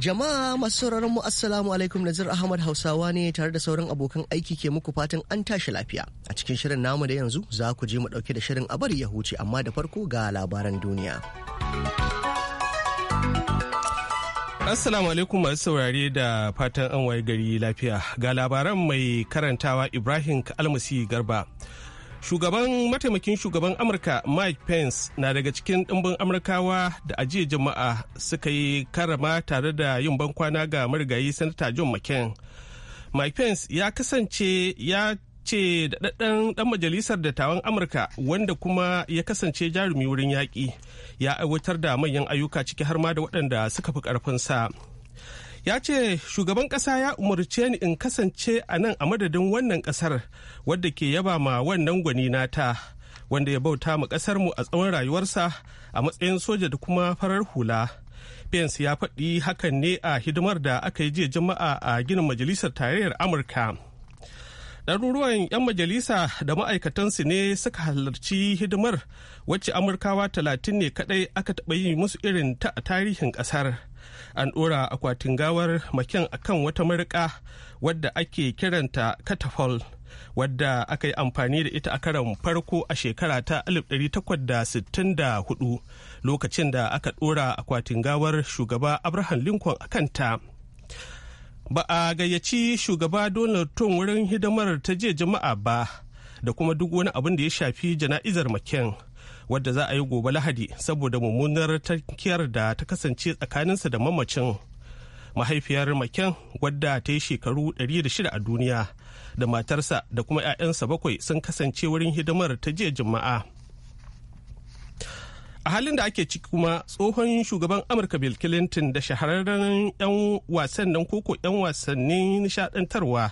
Jama'a masu sauraron mu assalamu alaikum Nazir Ahmad Hausawa ne tare da sauran abokan aiki ke muku fatan an tashi lafiya. A cikin shirin namu da yanzu za ku je mu dauke da shirin abar ya huce amma da farko ga labaran duniya. Assalamu alaikum masu saurare da fatan an waye gari lafiya ga labaran mai karantawa Ibrahim Almasi Garba. Shugaban mataimakin shugaban Amurka Mike Pence na daga cikin ɗimbin Amurkawa da ajiye jama'a suka yi karama tare da yin bankwana ga marigayi Sanata John McCain. Mike Pence ya kasance ya ce daɗaɗɗen ɗan majalisar dattawan Amurka wanda kuma ya kasance jarumi wurin yaƙi ya aiwatar da manyan ayyuka ciki har ma da waɗanda suka fi ƙarfinsa. sa. ya ce shugaban kasa ya umarce ni in kasance a nan a madadin wannan kasar wadda ke yaba ma wannan gwani nata wanda ya bauta ma kasar mu a tsawon rayuwarsa a matsayin soja da kuma farar hula pence ya faɗi hakan ne a hidimar da aka yi jiya jama'a a ginin majalisar tarayyar amurka ɗaruruwan 'yan majalisa da ma'aikatansu ne suka halarci hidimar wacce amurkawa talatin ne kadai aka taɓa yi musu irin ta a tarihin ƙasar an ɗora akwatin gawar maken akan wata marika wadda ake kiranta catapult wadda aka yi amfani da ita a karan farko a shekara ta 1864 lokacin da aka ɗora akwatin gawar shugaba abraham lincoln a kanta ba a gayyaci shugaba donald trump wurin hidimar ta jiya jama'a ba da kuma duk wani abin da ya shafi jana'izar maken wadda za a yi gobe lahadi saboda mummunar tankiyar da ta kasance tsakaninsa da mamacin mahaifiyar maken wadda ta yi shekaru 106 a duniya da matarsa da kuma 'ya'yansa bakwai sun kasance wurin hidimar ta jiya juma'a a halin da ake ciki kuma tsohon shugaban amurka bill clinton da shahararren 'yan wasan nan koko 'yan wasannin nishadantarwa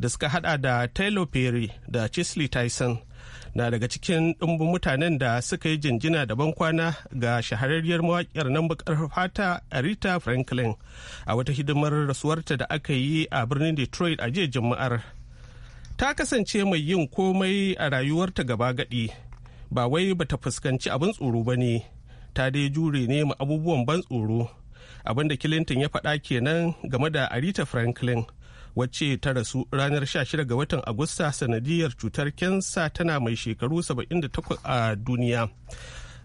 da suka hada da taylor perry da chesley tyson na daga cikin ɗumbin mutanen da suka yi jinjina da bankwana ga shahararriyar mawaƙiyar nan bakar fata Rita Franklin a wata hidimar rasuwarta da aka yi a birnin Detroit a jiya Juma'ar. Ta kasance mai yin komai a rayuwarta gaba gadi ba wai ba ta fuskanci abin tsoro ba ne, ta dai jure ne ma abubuwan ban tsoro. Abin da Clinton ya faɗa kenan game da Arita Franklin. wacce ta rasu ranar 16 ga watan agusta sanadiyar cutar kensa tana mai shekaru 78 a duniya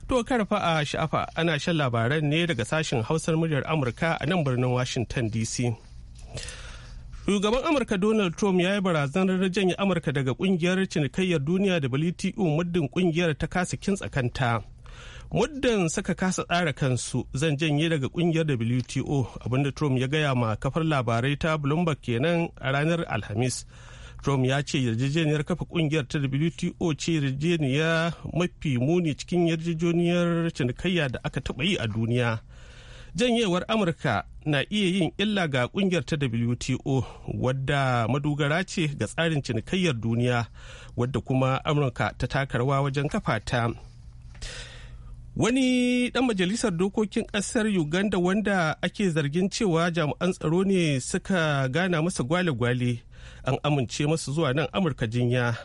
to karfa a sha'afa ana shan labaran ne daga sashen hausar muryar amurka a nan birnin washington dc shugaban amurka donald trump ya yi barazanar janye amurka daga kungiyar cinikayyar duniya da wto muddin kungiyar ta kasa kintsa kanta muddin saka kasa tsara kansu zan janye daga kungiyar wto abinda trump ya gaya ma kafar labarai ta bloomberg kenan a ranar alhamis trump ya ce yarjejeniyar kafa kungiyar ta wto ce yarjejeniya mafi muni cikin yarjejeniyar cinikayya da aka taɓa yi a duniya janyewar amurka na iya yin illa ga kungiyar ta wto wadda madugara ce ga tsarin cinikayyar duniya wadda kuma amurka ta takarwa wajen kafa ta Wani ɗan majalisar dokokin ƙasar Uganda wanda ake zargin cewa jami'an tsaro ne suka gana masa gwale-gwale an amince masu zuwa nan Amurka jinya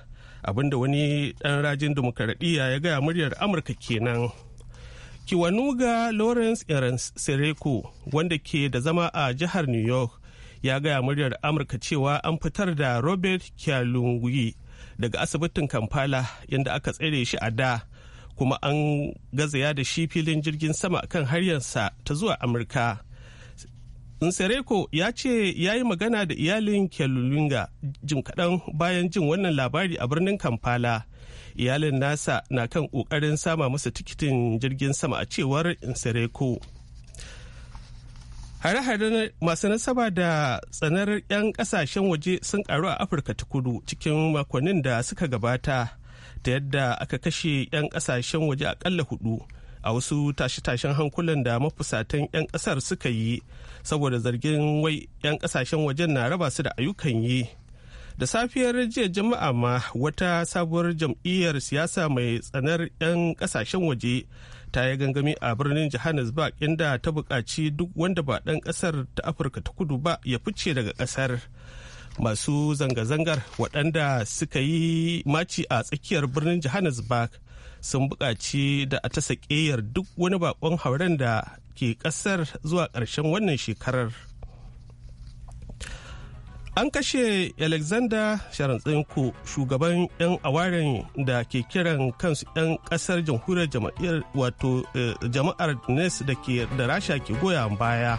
abinda wani ɗan rajin dimokuraɗiyya ya gaya muryar Amurka kenan. Kiwanuga Lawrence Erens Sereko wanda ke da zama a jihar New York ya gaya muryar Amurka cewa an fitar da Robert kyalungui daga asibitin Kampala inda aka tsere shi a da. kuma an gazaya da shi filin jirgin sama kan haryarsa ta zuwa amurka Nsereko ya ce ya yi magana da iyalin Kelulinga jim kaɗan bayan jin wannan labari a birnin Kampala. Iyalin nasa na kan ƙoƙarin sama masa tikitin jirgin sama a cewar Nsereko. Hare-hare masu nasaba da tsanar 'yan ƙasashen waje sun ƙaru a Afirka ta kudu cikin makonnin da suka gabata. da yadda aka kashe 'yan kasashen waje akalla hudu a wasu tashe-tashen hankulan da mafusatan 'yan kasar suka yi saboda zargin wai 'yan kasashen wajen na raba su da ayyukan yi da safiyar jiya jama'a ma wata sabuwar jam'iyyar siyasa mai tsanar 'yan kasashen waje ta yi gangami a birnin johannesburg inda ta buƙaci duk wanda ba ɗan ƙasar ta afirka ta kudu ba ya fice daga ƙasar masu zanga-zangar waɗanda suka yi maci a tsakiyar birnin johannesburg sun buƙaci da a ta sakeyar duk wani bakon hauren da ke ƙasar zuwa ƙarshen wannan shekarar an kashe alexander sharantsenko shugaban 'yan awaren da ke kiran kansu 'yan ƙasar jamhuriyar eh, jama'ar nes da rasha ke goya baya.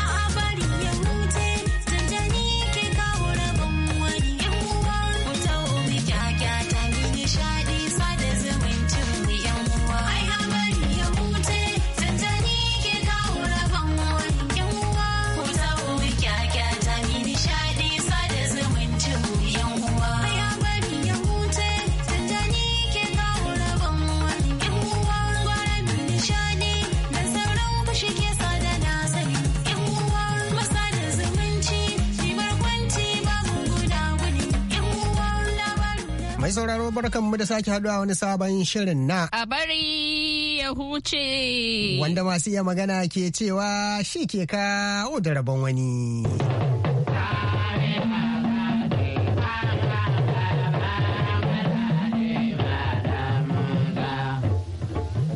da mu da sake haduwa wani sabon shirin na. A bari ya huce. Wanda masu iya magana ke cewa shi ke kawo da rabon wani.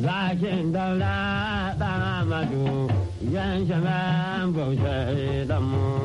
Zakin daura ɗan amadu yan shaman damu.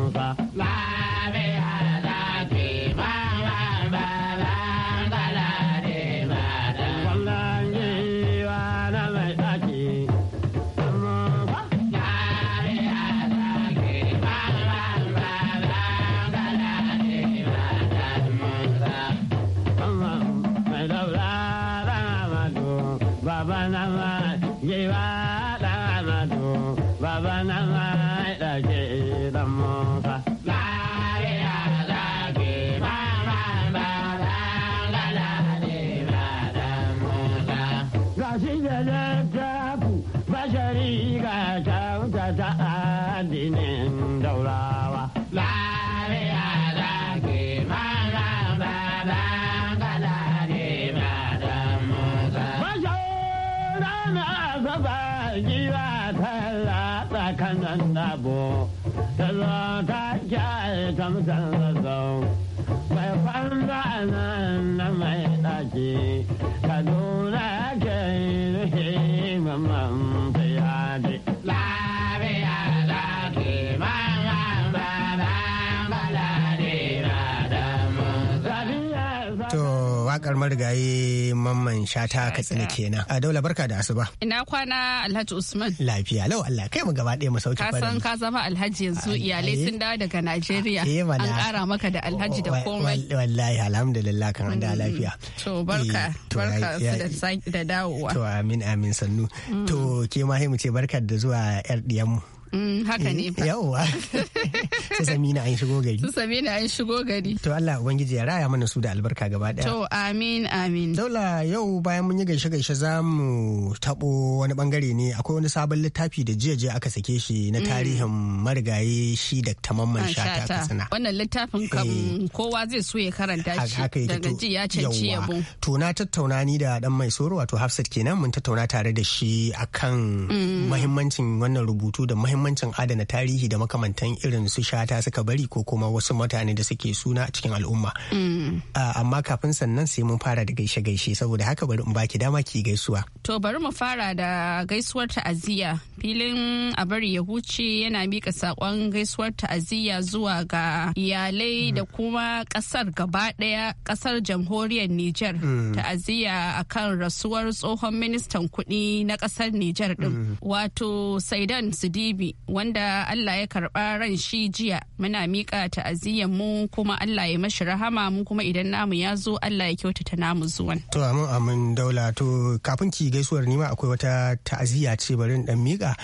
مسعى marigayi mamman shata ka tsina kenan a daula barka da asuba ina kwana alhaji usman lafiya lau allah kai mu gaba ɗaya mu sauke Ka kasan ka zama alhaji yanzu iyalai sun dawo daga najeriya eh, an ƙara maka da alhaji da komai wallahi alhamdulillah kan da mm. lafiya to barka eh, barka da dawowa to amin amin sannu mm. to ke ma mu ce barkar da zuwa yar diyanmu Mm, haka ne fa eh, yawwa su samina an shigo gari su samina an shigo gari to Allah ubangiji ya raya mana su da albarka gaba daya to amin amin daula yau bayan mun yi gaishe gaishe za mu tabo wani bangare ne akwai wani sabon littafi da jiya jiya aka sake shi na mm. tarihin marigayi shi da tamamman shata sana wannan littafin kam eh. kowa zai so ya karanta shi daga ji ya canci yabo to na tattauna ni da dan mai soro wato Hafsat kenan mun tattauna tare da shi akan mm. muhimmancin wannan rubutu da muhimmanci. muhimmancin adana tarihi da makamantan irin su shata suka bari ko kuma wasu mutane da suke suna a cikin al'umma mm. amma kafin sannan sai mun fara da gaishe gaishe saboda haka bari in baki dama ki gaisuwa to bari mu fara da gaisuwar ta'aziyya filin a bari ya huce yana mika sakon gaisuwar ta'aziyya zuwa ga iyalai mm. da kuma ƙasar gaba daya kasar jamhuriyar Nijar mm. ta'aziyya akan rasuwar tsohon ministan kuɗi na ƙasar Nijar ɗin wato Saidan Sidibi wanda Allah ya karba ran shi jiya muna miƙa ta'aziyyar mu kuma Allah ya mashi rahama mu kuma idan namu ya zo Allah ya kyautata namu zuwan. To amin amin daula to kafin ki gaisuwar nima akwai wata ta'aziyya ce bari dan miƙa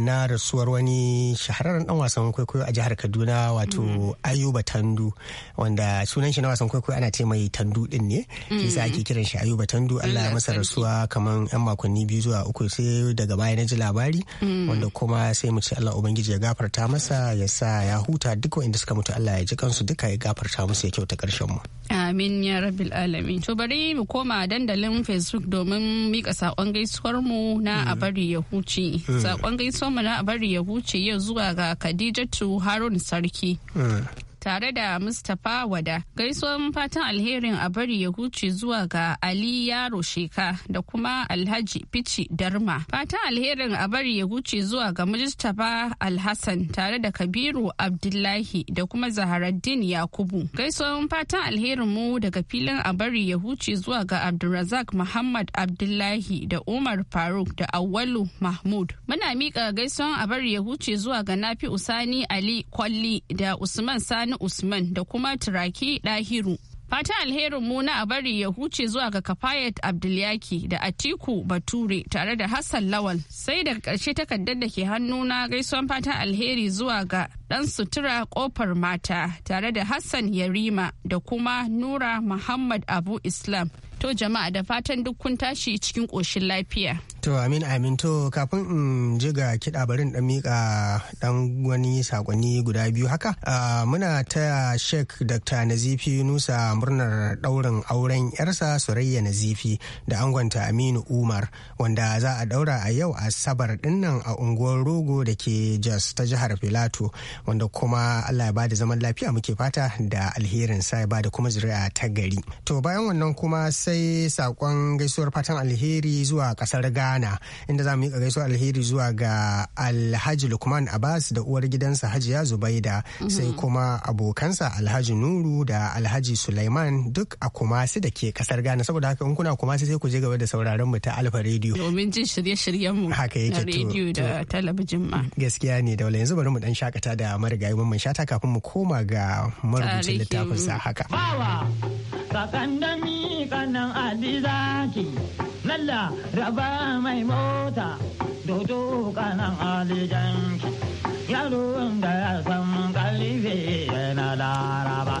na rasuwar wani shahararren dan wasan kwaikwayo a jihar Kaduna wato mm. Ayuba Tandu wanda sunan shi na wasan kwaikwayo ana ce mai Tandu din ne sai ake mm. kiran shi Ayuba Tandu Allah ya mm, masa rasuwa kamar yan makonni biyu zuwa uku sai daga baya na ji labari wanda kuma sai sai mu ce Allah ubangiji ya gafarta masa ya sa ya huta duk wanda suka mutu Allah ya ji kansu duka ya gafarta musu ya kyauta karshen mu amin ya rabbil alamin to bari mu koma dandalin facebook domin mika sakon gaisuwar mu na a mm. bari ya huce mm. sakon gaisuwar mu na a bari ya huce yau zuwa ga Khadijatu Harun Sarki mm. tare da Mustapha Wada. Gaisuwan fatan alherin a bari ya huce zuwa ga Ali Yaro Sheka da kuma Alhaji Fici Darma. Fatan alherin a bari ya huce zuwa ga Mustapha Alhassan tare da Kabiru Abdullahi da kuma Zaharaddin Yakubu. Gaisuwan fatan alherin mu daga filin a bari ya huce zuwa ga Abdulrazak Muhammad Abdullahi da Umar Faruk da Awalu Mahmud. Muna miƙa gaisuwan a bari ya huce zuwa ga Nafi Usani Ali Kwalli da Usman Sani Sani Usman da kuma Turaki Dahiru. fatan alherin mu na bari ya huce zuwa ga Kafayat Abdulyaki da Atiku Bature tare da Hassan Lawal. Sai daga ƙarshe takardar da ke hannu na gaisuwan fatan alheri zuwa ga ɗan sutura ƙofar mata tare da Hassan Yarima da kuma Nura Muhammad Abu Islam. To jama'a da fatan duk kun tashi cikin ƙoshin lafiya. To amin amin to kafin in ji ga kiɗa barin ɗan miƙa ɗan wani sakonni guda biyu haka. muna ta Sheikh Dr. Nazifi Nusa murnar ɗaurin auren yarsa Surayya Nazifi da angonta Aminu Umar wanda za a ɗaura a yau Asabar ɗinnan a unguwar Rogo da ke Jos ta jihar Filato wanda kuma Allah ya bada zaman lafiya muke fata da alherin sa ya bada kuma zuri'a ta gari. To bayan wannan kuma sai sai sakon gaisuwar fatan alheri zuwa kasar ghana inda za mu yi gaisuwar alheri zuwa ga alhaji lukman abbas da uwar gidansa hajiya zubaida sai mm-hmm. kuma abokansa alhaji nuru da alhaji sulaiman duk a kumasi da ke kasar ghana saboda haka in kuna kumasi sai ku je gaba da sauraron mu ta alfa rediyo domin jin shirye-shiryen mu haka yake rediyo da talabijin ma gaskiya ne daula yanzu bari mu dan shakata da marigayi mun shata kafin mu koma ga marubucin littafin sa haka ni kanan zaki lalla raba mai mota dodo kanan alijanki yaro da ya san kalife yana laraba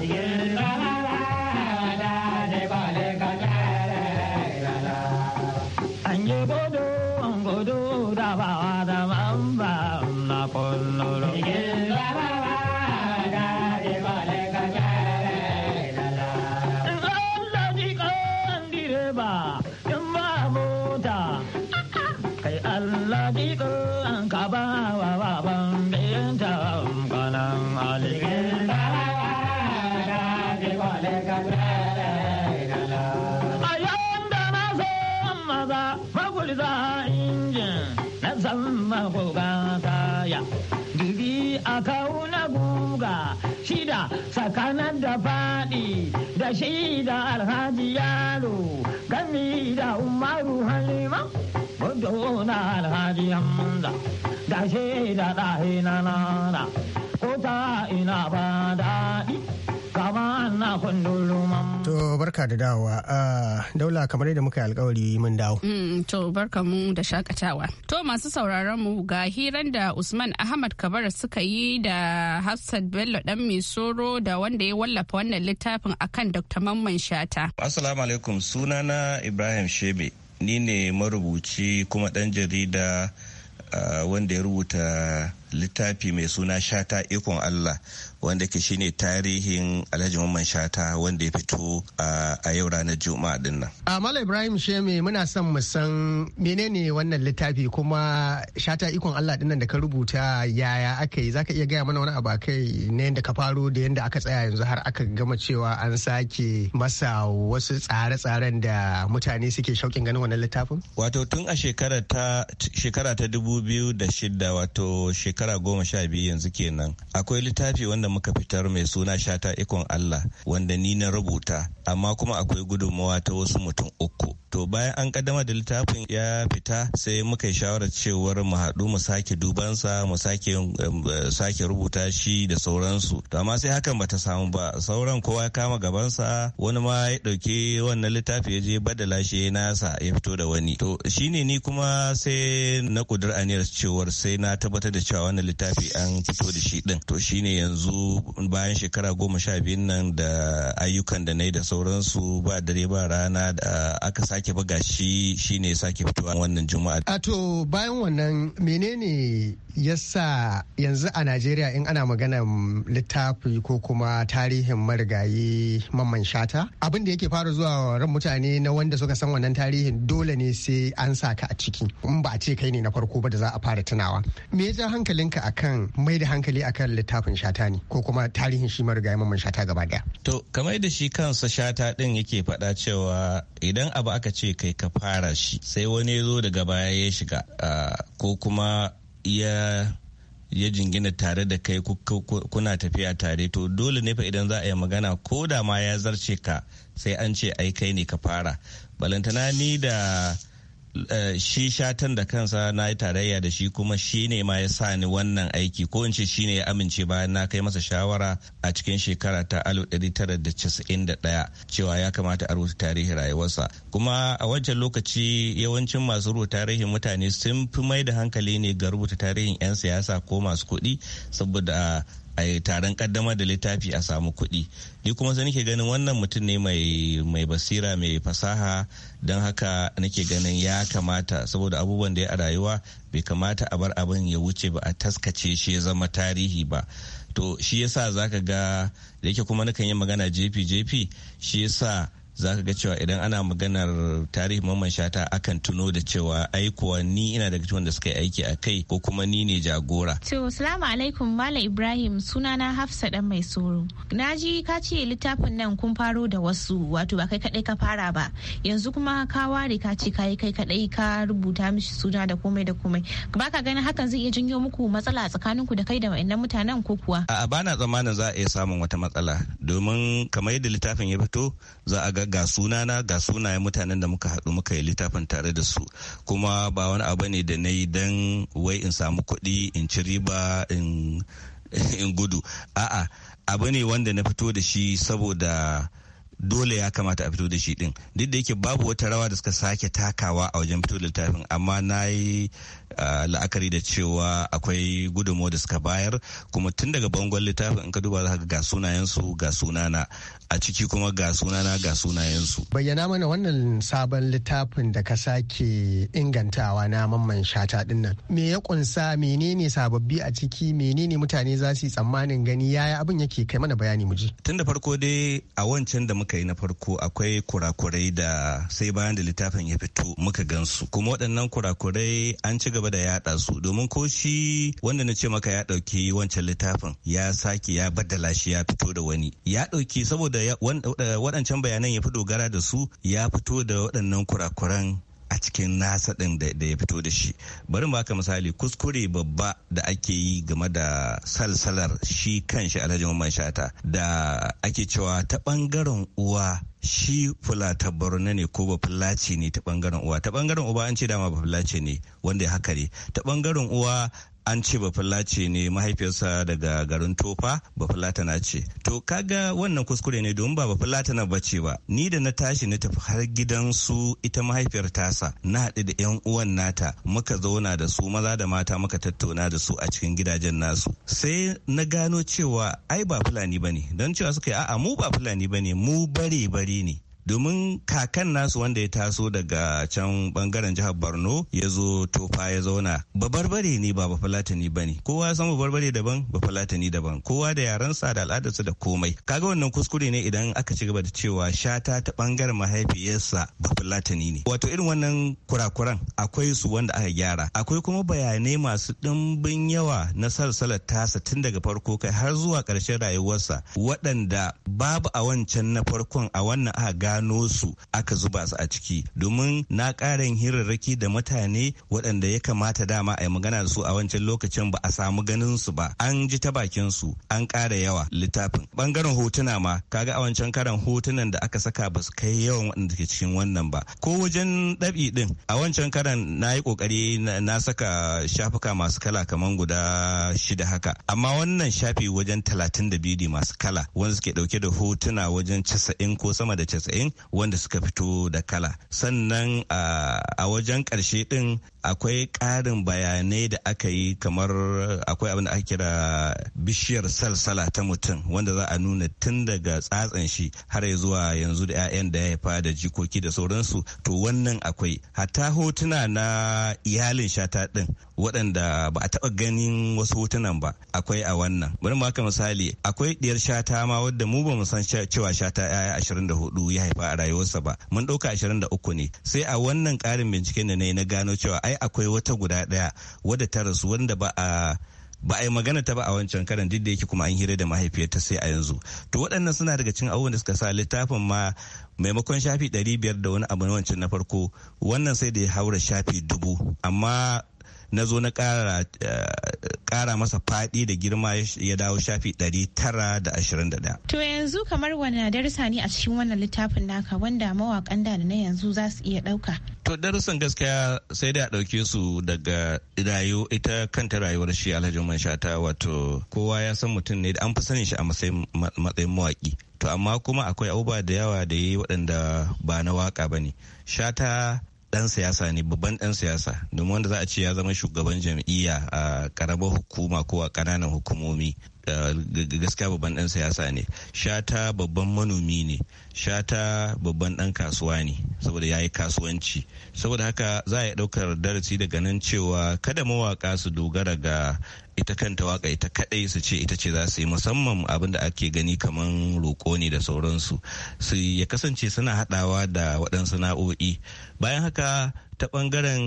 nan da faɗi da shi da alhaji yaro gami da umaru halima gudu na alhaji hamza da shi da ɗahi na nana ko ta ina ba daɗi To barka da dawowa. Ah, Daula kamar yadda muka yi alkawari mun dawo. Mm, to barka mu da shakatawa. To masu sauraron mu ga hiran da Usman Ahmad Kabar suka yi da Hafsat Bello dan mai soro da wanda ya wallafa wannan littafin akan Dr. Mamman Shata. Assalamu alaikum sunana Ibrahim Shebe. Ni ne marubuci kuma dan jarida ah, wanda ya rubuta littafi mai suna Shata Ikon Allah wanda ke shine tarihin alhaji mamman shata wanda ya fito a yau ranar juma'a din nan malam ibrahim sheme muna son mu san menene wannan littafi kuma shata ikon allah din nan da ka rubuta yaya aka yi zaka iya gaya mana wani abu kai ne yadda ka faro da yadda aka tsaya yanzu har aka gama cewa an sake masa wasu tsare-tsaren da mutane suke shauƙin ganin wannan littafin wato tun a shekara ta shekara ta dubu biyu da shida wato shekara goma sha biyu yanzu kenan akwai littafi wanda muka fitar mai suna shata ikon Allah wanda ni na rubuta amma kuma akwai gudunmawa ta wasu mutum uku. To bayan an kaddama da littafin ya fita sai muka yi shawarar cewar mu haɗu mu sake dubansa mu sake um, um, sake rubuta shi da sauransu. To amma sai hakan bata samu ba sauran kowa ya kama gabansa wani ma ya ɗauki wannan littafi ya je badala shi nasa ya fito da wani. To shine ni kuma sai na kudur aniyar cewar sai na tabbatar da cewa wannan littafi an fito da shi ɗin To shine yanzu bayan shekara goma sha biyun nan da ayyukan da na yi da sauransu ba dare ba rana da aka sake buga shi shine sake fitowa wannan juma'a. ato bayan wannan menene yasa yanzu a najeriya in ana magana littafi ko kuma tarihin marigayi mamman shata abin da yake fara zuwa ran mutane na wanda suka san wannan tarihin dole ne sai an sa ka a ciki in ba a ce kai ne na farko ba da za a fara tunawa me ya ja hankalinka akan mai da hankali akan littafin shata ne ko kuma tarihin shi marigayi mamman shata gaba daya to kamar da shi kansa shata din yake faɗa cewa idan abu aka ce kai ka fara shi sai wani ya zo daga baya ya shiga ah, ko kuma iya ya jingina tare da kai kuna tafiya tare to dole ne fa idan za a yi magana ko da ma ya zarce ka sai an ce ai kai ne ka fara balantana ni da Eh, shi shatan da kansa na yi tarayya da shi kuma shi ne ma ya sa ni wannan aiki ko in ce shi ne ya amince bayan na kai masa shawara a cikin shekara ta 1991 cewa ya kamata a rubuta tarihin rayuwarsa kuma a wancan lokaci yawancin masu rubuta tarihin mutane sun fi mai da hankali ne ga rubuta tarihin 'yan siyasa ko masu kuɗi saboda a taron kaddamar da littafi a samu kuɗi ni kuma sai nake ganin wannan mutum ne mai basira mai fasaha don haka nake ganin ya kamata saboda abubuwan da ya a rayuwa bai kamata a bar abin ya wuce ba a taskace shi ya zama tarihi ba to shi yasa zaka ga da yake kuma nakan yi magana jefi jefi shi yasa za ka ga cewa idan ana maganar tarihi mamman shata akan tuno da cewa aikuwa ni ina daga cikin da suka yi aiki a kai ko kuma ni ne jagora. To salamu alaikum Malam Ibrahim sunana Hafsa dan mai soro. Na ji ka ce littafin nan kun faro da wasu wato ba kai kadai ka fara ba yanzu kuma ka ware ka ce yi kai kadai ka rubuta mishi suna da komai da komai. Ba ka ganin hakan zai iya janyo muku matsala tsakanin ku da kai da wayannan mutanen ko kuwa? A'a bana tsammanin za a iya samun wata matsala domin kamar yadda littafin ya fito za a ga ga ga sunana ga sunayen mutanen da muka haɗu muka yi littafin tare da su kuma ba wani abu ne da na yi don wai in samu kuɗi in ci riba in gudu a'a abu ne wanda na fito da shi saboda dole ya kamata a fito da shi din duk da yake babu wata rawa da suka sake takawa a wajen fito da littafin amma na yi la'akari da cewa akwai gudunmawa da suka bayar kuma tun daga bangon littafin in ka duba za ka ga sunayensu ga sunana a ciki kuma ga sunana ga sunayensu. bayyana mana wannan sabon littafin da ka sake ingantawa na mamman shata din nan me ya kunsa menene sababbi a ciki menene mutane za su yi tsammanin gani yaya abin yake kai mana bayani mu ji. tun da farko dai a wancan da muka yi na farko akwai kurakurai da sai bayan da littafin ya fito muka gansu kuma waɗannan kurakurai an ci gaba gaba da yaɗa su domin ko shi wanda na ce maka ya ɗauki wancan littafin ya sake ya baddala shi ya fito da wani ya ɗauki saboda eh, waɗancan bayanan ya fi dogara da su ya fito da waɗannan kurakuran a cikin nasa ɗin da ya fito da shi bari mu baka misali kuskure babba da ake yi game da salsalar shi kan shi alhaji mamman shata da ake cewa ta ɓangaren uwa shi fulata borno ne ko ba bafullaci ne ta bangaren uwa ta bangaren uba an ce dama ba bafullaci ne wanda ya haka ne ta bangaren uwa an ce ba bafullaci ne mahaifiyarsa daga garin tofa bafullata na ce to kaga wannan kuskure ne domin ba bafullata na bace ba ni da na tashi na tafi har gidan su ita mahaifiyar tasa na haɗu da yan uwan nata muka zauna da su maza da mata muka tattauna da su a cikin gidajen nasu sai na gano cewa ai ba fulani ne don cewa suka yi a'a mu ba fulani ne mu bare bare al'amari ne domin kakan nasu wanda ya taso daga can bangaren jihar borno ya zo tofa ya zauna babarbare ne ba Bafalatani ba ne kowa ya san babarbare daban bafulatani daban kowa da yarensa da al'adarsa da komai kaga wannan kuskure ne idan aka ci gaba da cewa shata ta bangaren mahaifiyarsa falatani ne wato irin wannan kurakuran akwai su wanda aka gyara akwai kuma bayanai masu ɗimbin yawa na salsalar tasa tun daga farko kai har zuwa ƙarshen rayuwarsa waɗanda babu a wancan na farkon a wannan aka gano su aka zuba su a ciki domin na ƙarin hirarraki da mutane waɗanda ya kamata dama a yi magana da su a wancan lokacin ba a samu ganin su ba an ji ta bakin su an kara yawa littafin bangaren hotuna ma kaga a wancan karan hotunan da aka saka ba su kai yawan waɗanda ke cikin wannan ba ko wajen ɗabi ɗin a wancan karan na yi ƙoƙari na saka shafuka masu kala kamar guda shida haka amma wannan shafi wajen talatin da biyu masu kala wanda suke ɗauke da hotuna wajen casa'in ko sama da casa'in wanda suka fito da kala sannan ah, a wajen ƙarshe ɗin akwai ƙarin bayanai da aka yi kamar akwai abin da aka kira bishiyar salsala ta mutum wanda za a nuna tun daga tsatsan shi har ya zuwa yanzu da 'ya'yan da ya haifa da jikoki da sauransu to wannan akwai hatta hotuna na iyalin shata din waɗanda ba a taɓa ganin wasu hotunan ba akwai a wannan bari mu haka misali akwai ɗiyar shata ma wadda mu bamu san cewa shata 'ya'ya 24 ya haifa a rayuwarsa ba mun ɗauka 23 ne sai a wannan ƙarin binciken da na yi na gano cewa ai akwai wata guda daya wadda ta rasu wanda ba a ba a yi magana ta ba a wancan karan duk da yake kuma an hira da mahaifiyarta sai a yanzu to waɗannan suna daga cikin abubuwan da suka sa littafin ma maimakon shafi 500 da wani abu na wancan na farko wannan sai da ya haura shafi dubu amma na zo na kara eh, masa fadi da girma ya dawo shafi 921 to yanzu kamar wani darsa ne a cikin wannan littafin naka wanda mawakan da na yanzu za su iya ɗauka to darussan gaskiya sai da a ɗauke su daga rayu ita kanta rayuwar shi alhaji shata wato kowa ya san mutum ne da an fi sanin shi a matsayin mawaki to amma kuma akwai abubuwa da yawa da yi waɗanda ba na waka ba ne shata dan siyasa ne babban dan siyasa domin wanda za a ce ya zama shugaban jam'iyya a karamar hukuma ko a kananan hukumomi gaskiya babban dan siyasa ne shata babban manomi ne shata babban dan kasuwa ne saboda ya yi kasuwanci saboda haka za a yi daukar darasi daga nan cewa kada mawaka su dogara ga ita kanta waka ita kadai su ce ita ce za su yi musamman abin da ake gani kamar roƙo ne da sauransu su ya kasance suna haɗawa da waɗansu na'o'i bayan haka ta bangaren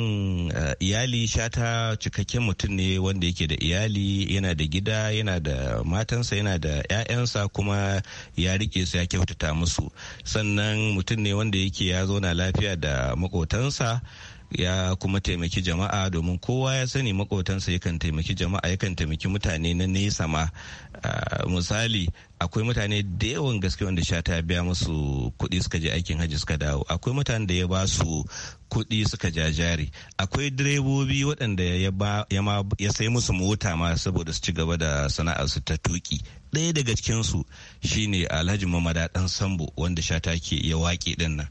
eh, iyali shata cikakken mutum ne wanda yake da iyali yana da gida yana da matansa yana da 'ya'yansa kuma ya rike su ya kyautata musu sannan mutum ne wanda yake ya zauna lafiya da makotansa ya kuma taimaki jama'a domin kowa ya sani makotansa yakan taimaki jama'a yakan taimaki mutane na nesa ma misali akwai mutane da yawan gaske wanda sha ta biya musu kuɗi suka je aikin hajji suka dawo akwai mutane da ya ba su kuɗi suka ja jari akwai direbobi waɗanda ya sai musu mota ma saboda su ci gaba da sana'ar su ta tuki ɗaya daga cikinsu shine alhaji mamada ɗan sambo wanda sha ta ke ya waƙe ɗin nan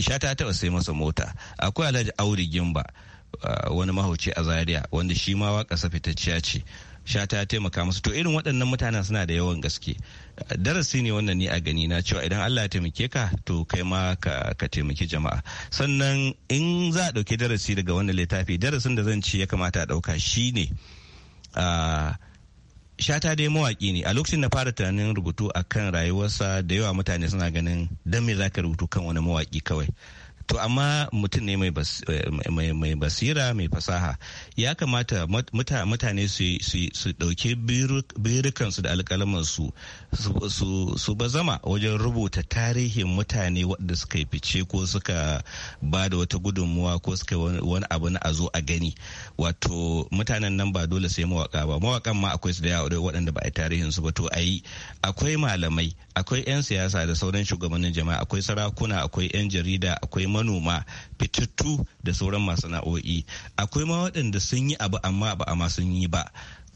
sha ta taɓa sai masa mota akwai alhaji auri gimba wani mahauci a zaria wanda shi ma waƙa fitacciya ce shata ya taimaka musu to irin waɗannan mutanen suna da yawan gaske darasi ne wannan ni a gani na cewa idan Allah ya taimake ka to kai ma ka taimaki jama'a sannan in za a ɗauki darasi daga wannan littafi darasin da zan ci ya kamata a ɗauka shine shata dai mawaƙi ne a lokacin na fara tunanin rubutu a kan rayuwarsa da yawa mutane suna ganin don me za ka rubutu kan wani mawaƙi kawai to amma mutum ne eh, mai basira mai fasaha ya kamata mutane su dauke birikansu da alƙalamansu su bazama wajen rubuta tarihin mutane waɗanda suka yi fice ko suka ba da wata gudunmuwa ko suka wani abu na a zo a gani wato mutanen nan ba dole sai mawaka ba mawakan ma akwai su da yawa waɗanda ba a tarihin su ba to ayi akwai malamai akwai 'yan siyasa da sauran shugabannin jama'a akwai sarakuna akwai 'yan jarida akwai manoma fitattu da sauran masana'o'i akwai ma waɗanda sun yi abu amma ba a sun yi ba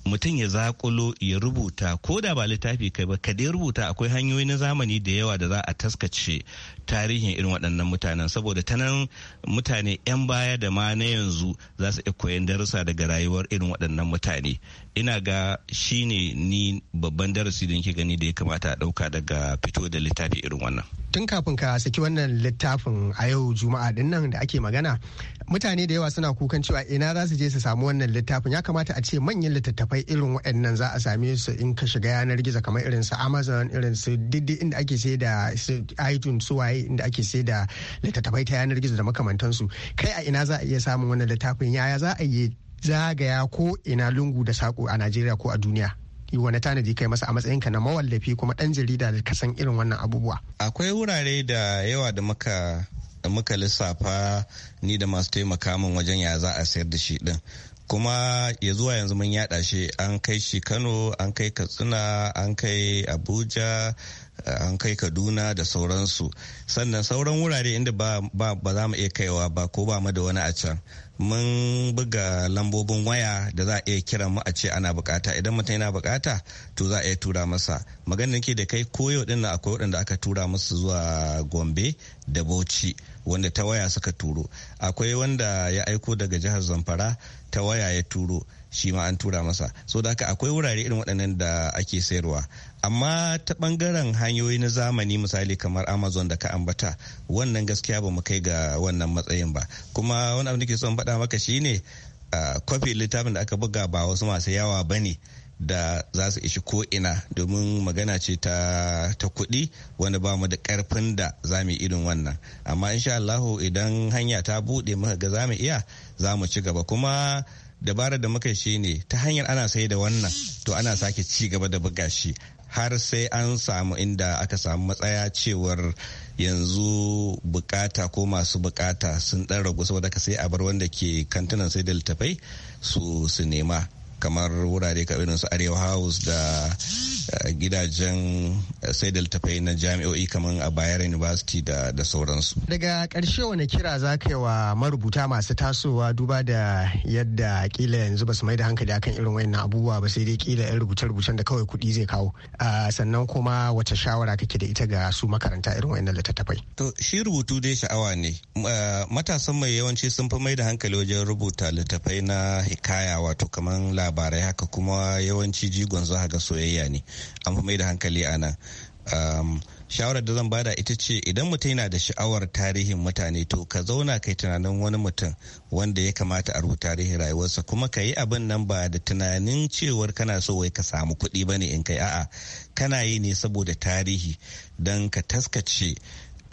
mutum ya zakulo ya rubuta ko da ba littafi kai ba kadai rubuta akwai hanyoyi na zamani da yawa da za a taskace tarihin irin waɗannan mutanen saboda ta nan mutane 'yan baya da ma na yanzu za su iya koyan darussa daga rayuwar irin waɗannan mutane ina ga shi ne ni babban darasi da yake gani da ya kamata a dauka daga fito da littafi irin wannan. Tun kafin ka saki wannan littafin a yau Juma'a din nan da ake magana, mutane da yawa suna kukan cewa ina za su je su samu wannan littafin ya kamata a ce manyan littattafai irin waɗannan za a same su in ka shiga yanar gizo kamar irin su Amazon irin su diddi inda ake sai da iTunes su waye inda ake sai da littattafai ta yanar gizo da makamantansu. Kai a ina za a iya samun wannan littafin yaya za a yi zagaya ko ina lungu da sako a najeriya ko a duniya na tanadi kai masa a matsayin ka na mawallafi kuma dan jarida da kasan irin wannan abubuwa akwai wurare da yawa da muka muka lissafa ni da masu taimaka min wajen ya za a sayar da shi din kuma ya zuwa yanzu mun yada shi an kai shi kano an kai katsina an kai abuja an kai kaduna da sauransu sannan sauran wurare inda ba, ba, za mu iya kaiwa ba ko ba mu da wani a can mun buga lambobin waya da za a iya kiran mu a ce ana bukata idan mutum yana bukata to za a iya tura masa maganin ke da kai koyo din na akwai waɗanda aka tura musu zuwa gombe da bauchi wanda ta waya suka turo akwai wanda ya aiko daga jihar zamfara ta waya ya turo shi ma an tura masa so da haka akwai wurare irin waɗannan da ake sayarwa amma ta ɓangaren hanyoyi na zamani misali kamar amazon da ka ambata wannan gaskiya ba mu kai ga wannan matsayin ba kuma wani abu da ke son faɗa maka shine kwafi littafin da aka buga ba wasu masu yawa ba ne da za su ishi ko ina domin magana ce ta, ta kuɗi wani ba mu da ƙarfin da za mu irin wannan amma insha Allahu idan hanya ta buɗe muka ga za mu iya za mu ci gaba kuma dabarar da muka shi ne ta hanyar ana sai da wannan to ana sake ci gaba da buga shi har sai an samu inda aka samu matsaya cewar yanzu bukata ko masu bukata sun dan ragu saboda ka sai a bar wanda ke kantunan sai da littafai su su nema kamar wurare irin su arewa house da eh, gidajen eh, sai da littafai na jami'o'i kamar a bayar university da sauransu daga karshe wani kira za ka yi wa marubuta masu tasowa duba da yadda kila yanzu ba su mai da hankali akan irin wayannan abubuwa ba sai dai kila yan rubuce-rubucen da kawai kuɗi zai kawo ah, sannan kuma wace shawara kake da ita ga su makaranta irin wayannan littattafai to shi rubutu dai sha'awa ne eh, matasan mai yawanci sun fi mai da hankali wajen rubuta littattafai na hikaya wato kamar labarai labarai haka kuma yawanci jigon za ga soyayya ne an fi mai da hankali a nan um, shawarar da zan bada ita ce idan mutum yana da sha'awar tarihin mutane to ka zauna kai tunanin wani mutum wanda ya kamata a rubuta tarihin rayuwarsa kuma ka yi abin nan ba da tunanin cewar kana so wai ka samu kuɗi ba ne in kai a'a kana yi ne saboda tarihi don ka taskace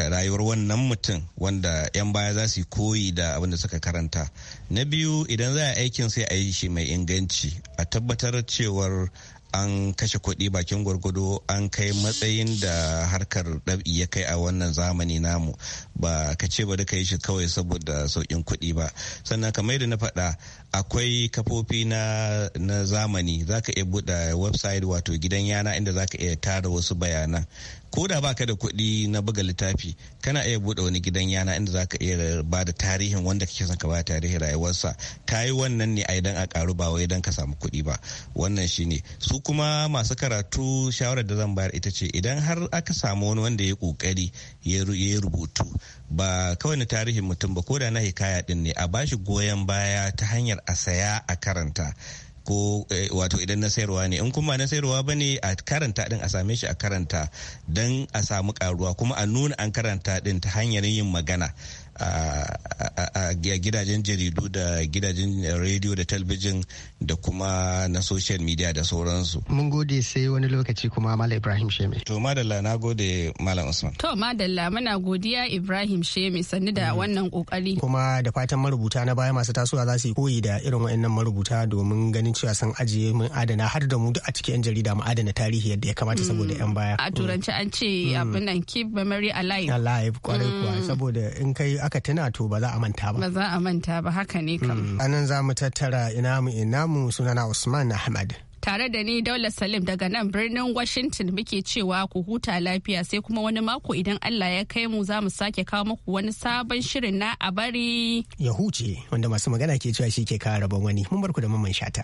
rayuwar wannan mutum wanda 'yan baya za su yi koyi da abin da suka karanta na biyu idan za a aikin sai a yi shi mai inganci a tabbatar cewar an kashe kuɗi bakin gwargwado an kai matsayin da harkar ɗabi ya kai a wannan zamani namu ba ka ce ba duka yi shi kawai saboda sauƙin kuɗi ba sannan kamar da na faɗa akwai kafofi na, na zamani za ka iya buɗe website wato gidan yana inda za ka iya tara wasu bayanan ko da baka da kuɗi na buga littafi kana iya buɗe wani gidan yana inda za ka iya ba da tarihin wanda kake son ka ba tarihin rayuwarsa ka yi wannan ne a idan a karu ba wai idan ka samu kuɗi ba wannan shine su kuma masu karatu shawarar da zan bayar ita ce idan har aka samu wani wanda ya yi ƙoƙari ya rubutu ba kawai na tarihin mutum ba ko da na hikaya din ne a bashi goyon baya ta hanyar a saya a karanta ko eh, wato idan na sayarwa ne in kuma na sayarwa ba ne a karanta din a same shi a karanta don a samu karuwa kuma a nuna an karanta din ta hanyar yin magana a gidajen jaridu da gidajen rediyo da talbijin da kuma na social media da sauransu. Mun gode sai wani lokaci kuma Malam Ibrahim Sheme. To madalla na gode Malam Usman. To madalla muna godiya Ibrahim Sheme sannu da wannan kokari. Kuma da fatan marubuta na baya masu tasowa za su yi koyi da irin waɗannan marubuta domin ganin cewa sun ajiye mun adana har da mu duk a cikin 'yan jarida mu adana tarihi yadda ya kamata saboda mm, 'yan baya. A turanci an ce mm. abin nan keep memory alive. Alive kwarai kuwa mm. saboda in kai aka tuna to ba za a manta ba ba za a manta ba haka ne kam hmm. anan za mu tattara ina mu ina mu sunana Usman Ahmad tare da ni Daula Salim daga nan birnin Washington muke cewa ku huta lafiya sai kuma wani mako idan Allah ya kai mu za mu sake kawo muku wani sabon shirin na a bari. Ya huce wanda masu magana ke cewa shi ke kawo rabon wani mun barku da mamman shata.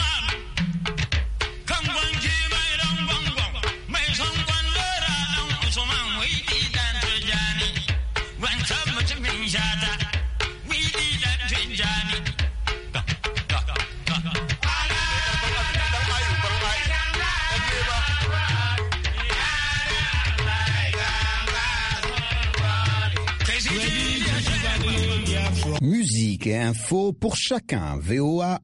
Info pour chacun. VOA